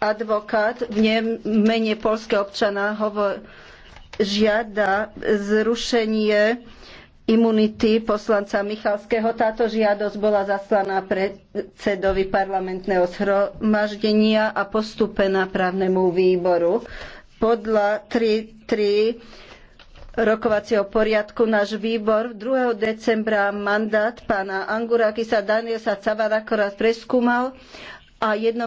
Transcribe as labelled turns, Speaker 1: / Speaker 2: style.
Speaker 1: advokát v mene polského občana hovor, žiada zrušenie imunity poslanca Michalského. Táto žiadosť bola zaslaná predsedovi parlamentného zhromaždenia a postúpená právnemu výboru. Podľa 3.3 rokovacieho poriadku náš výbor 2. decembra mandát pána Angurakisa Daniela Cavarakora preskúmal a jedno